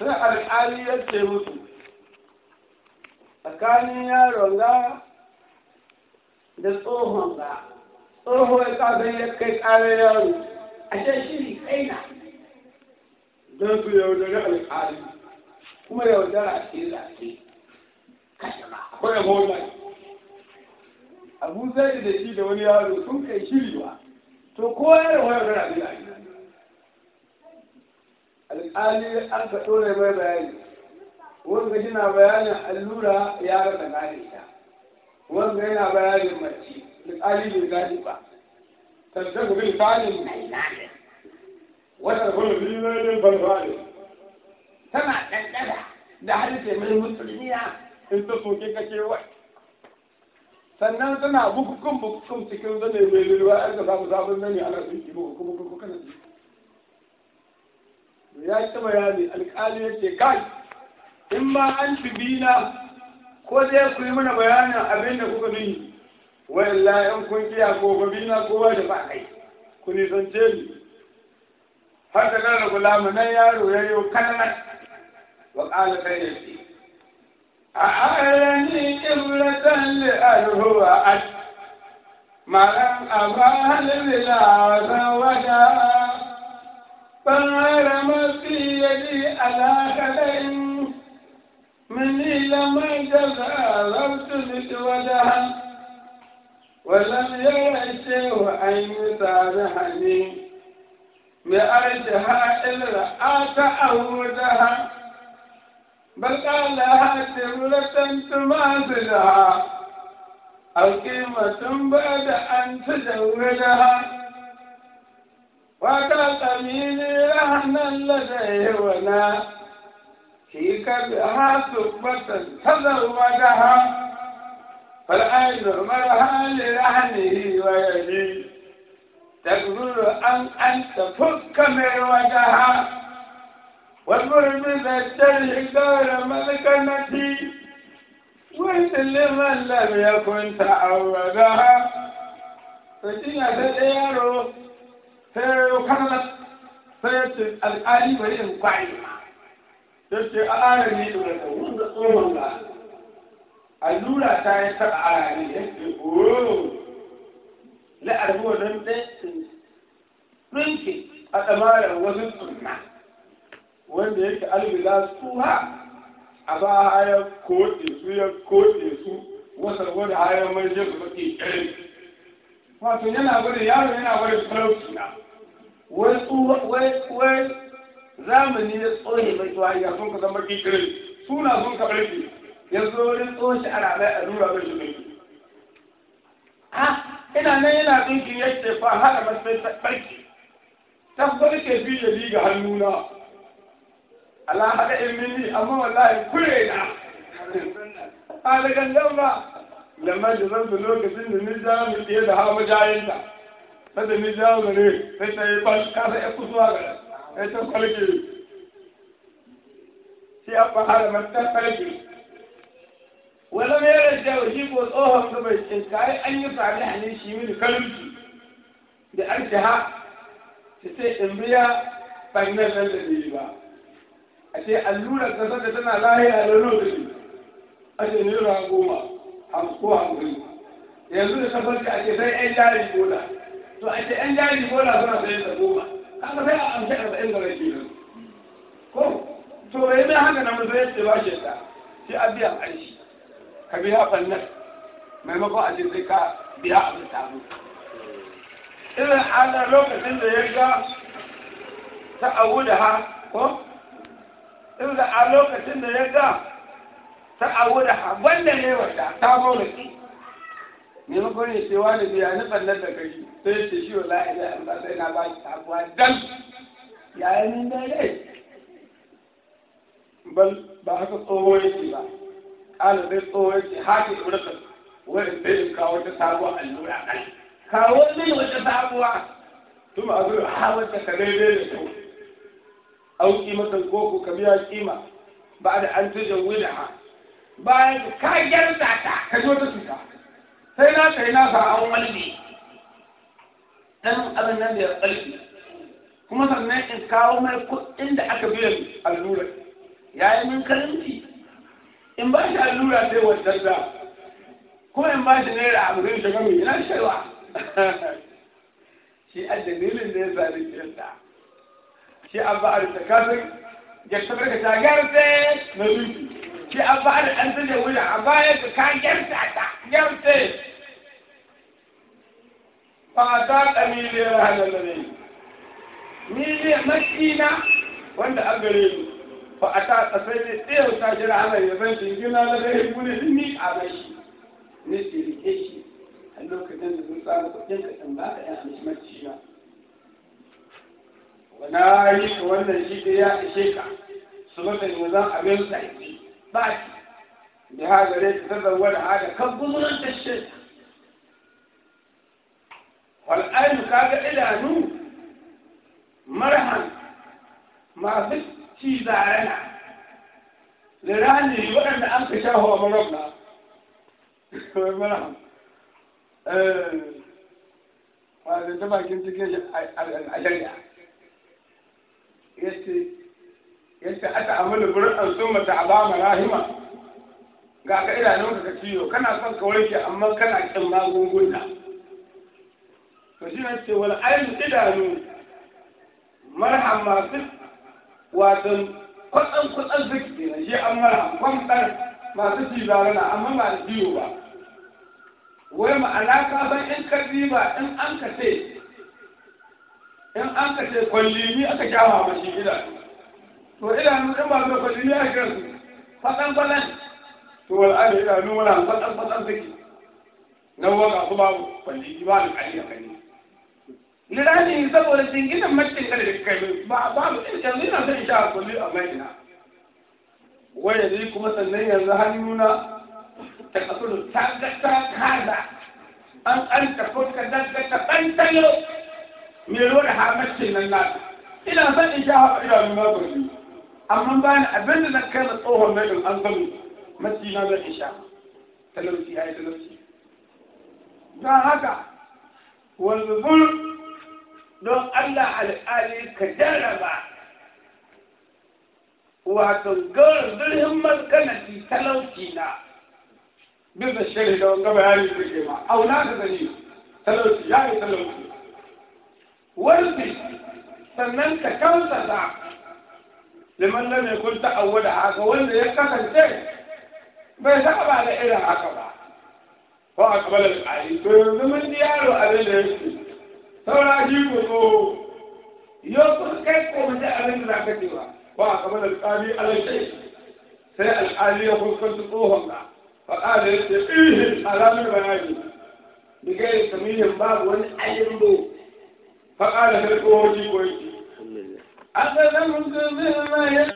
sai alƙali ya ce musu tsakanin yaron ga da tsohon ga tsoho ya ya kai ƙarar yaro a shan shiri kaina don su yaudari kuma yaudara ce zafi ba abu zai da shi da wani yaro sun kai shiri ba to ko yaro wani yaudara ce الآلي أنت تقول يا بيان ورجينا بيان اللورا يا رجاليشة ورجينا بيان المشي الآلي بيجادي با تبدأ بالفعل ولا تقول لي ما لي بالفعل تمام تمام ده حديث من المسلمين انت صوتك كثير وقت فالناس انا بوكم بوكم تكون ده اللي الواحد ده مصاب مني على في بوكم بوكم كده ya ci bayani alƙali ya ce kai in ma an bibi na ko zai ku yi mana bayanin abin da kuka nuni wa'illa yan kun kiya ko ba na ko ba da ba kai ku nisance ni har da gara gulama lamunan yaro ya yi kananan wa ƙala kai ya ce a ayani ƙiblatan li alhuwa at malam abu halin lila wasan wada فعلى مسيري على خلين مني لما جزع لبت بك وجها ولم ير الشيء أن يسامحني بأرجها إلا أتعودها بل قال لها سرة تماثلها أو قيمة بعد أن تزودها وكالأمين رهنا لديه ولا فيك بها ثقبة حذر وجها فالعين مرها لرهنه ويلي تقدر أن أن تفك من وجها والمرمز الشرح دار ملكمتي وانت لمن لم يكن تعودها فتنة اليارو sai kanalat sai ya ce alƙali bari in kwaye sai ce a arami da wata wanda tsohon A allura ta yi taɓa ne ya ce ooo na arzuwa don ɗin ɗinki a tsamarar wasu tsunna wanda yake albila ha, a ba haya koɗe su ya koɗe su wasan wani hayar mai da mafi ƙarfi wato yana gwada yaro yana gwada talauci na wai zamani na tsohe mai tsohe ya sun ka zama kikirin suna sun ka barki ya zo wurin tsohon shi ana a nura mai shi ha ina nan yana dinkin ya ce fa haɗa masai barki tabbar ke fi ya bi ga hannuna ala haɗa ilmini amma wallahi kure na A da gangan ba da zan majalisar lokacin da nizamu ke da hawa jayinta ta da nizamu ne sai ta yi ban kasa ya kusuwa ga sai ta kwalke sai a fahara mata kwalke wala mai rajja shi ko tsohon da bai cinka ai an yi sami ne shi mini kalmci da an ha ta ce in biya bannan nan da bai ba a ce allurar kasar da tana lahiya da lokaci a ce naira goma ko hankali yanzu da kasance a ce sai yan jari bola to a ce yan jari bola suna sayar da goma kaga sai a amshi arba'in da rai kenan ko to bai mai haka na mutum yadda ba shi ta sai a biya aiki ka biya fannan maimakon a ce sai ka biya abin tabu irin ana lokacin da ya ga ta abu da ha ko irin a lokacin da ya ga ta abu da wanda ne wata ta maulaki maimakon ya ce wani biya ni tsallar da kai sai ya ce shi wa la'ila an ba sai na ba shi sabuwa dan yayin da dai bal ba haka tsoho yake ba ƙala dai tsoho yake haka ibrahim wani sai in kawo ta sabuwa allura kai. kawo zai wata sabuwa tuma a zuwa hawar ta ka daidai da kyau auki mata koko ka biya kima ba da an da ha bayan ka ka gyarta ta ka zo ta cuta sai na kai na sa an walbe dan abin nan da ya tsalki kuma sannan in kawo mai kuɗin da aka biyan allura ya yi min karanci in ba shi allura sai wajen da kuma in ba shi naira a mutum shiga mai yana shaiwa shi a dalilin da ya sami kirta shi an ba a rikakafin ya tabbata ta gyara sai na rufi sai an fara an zule wurin a bayan su ka gyamta ta gyamta ba za ka mili rahalallare mili makina wanda an gare ni ba a ta tsasai ne tsaye ta jira hana ya zan jingina na gare gudun ni a bai shi ne ke rike shi a lokacin da sun samu kudin ka san ba ka yan amshi na wana yi wannan shi da ya ishe ka su mata yi zan abin tsaye بعد لهذا ليس سبب ولا هذا كالضمران الشيء والآن كاجا إلى نور مرحا ما فيش شيء زعلنا لراني وأنا أنت شاهو مرحبنا مرحبا آه. هذا تبع كنت كيش أشريعه yace aka amalu burin an so mata abama rahima ga ka idanun ka ciwo kana son ka warke amma kana kin magunguna to shi ne ce wal ayn idanu marhamma wa dan kwatsan kwatsan zikri ne shi an mara kwamfar masu zarana amma ba ciwo ba wai ma'ana ka ban in karbi ba in an ka ce in an ka ce kwalli ni aka kyawa shi idanu to idanun in ba zo kwalli ya ga su fadan fadan to wal an idanun wala fadan fadan take nan waka su babu kwalli ba da kali a kali lirani saboda jinginan macin kada da kai ba ba mu in yanzu ina son sha kullu a maina waya ne kuma sannan yanzu hannuna ta kasu ta ga ta kaza an an ta fuska da ta ta bantalo me ruwa da hamacin nan na ina son in sha ina nuna kullu amma bayan abin da na kai da tsohon nan an zama matsi na zai isha talauci ya yi talauci don haka wanzu zun don Allah al'ali ka jaraba wato gawar zurhin maskanati talauci na bisa shirin da wanga bayani da ke ma auna ka gani talauci ya yi talauci wani sannan ka kautata liman lam yakun da haka wanda ya kasance bai ba da irin haka ba ko a kabala al'ayi to yanzu mun ji yaro abin da yake saura ji ko so yau kun kai ko mun ji abin da zaka ce ba ko a kabala al'ali alai sai al'ali ya fuskanta tsohon ka fa kada yace ihi alamin bayani diga ya samihin babu wani ayyundo fa kada sai tsohon ji ko yi Afẹ́fẹ́ mú kí ó bí mẹ́rin.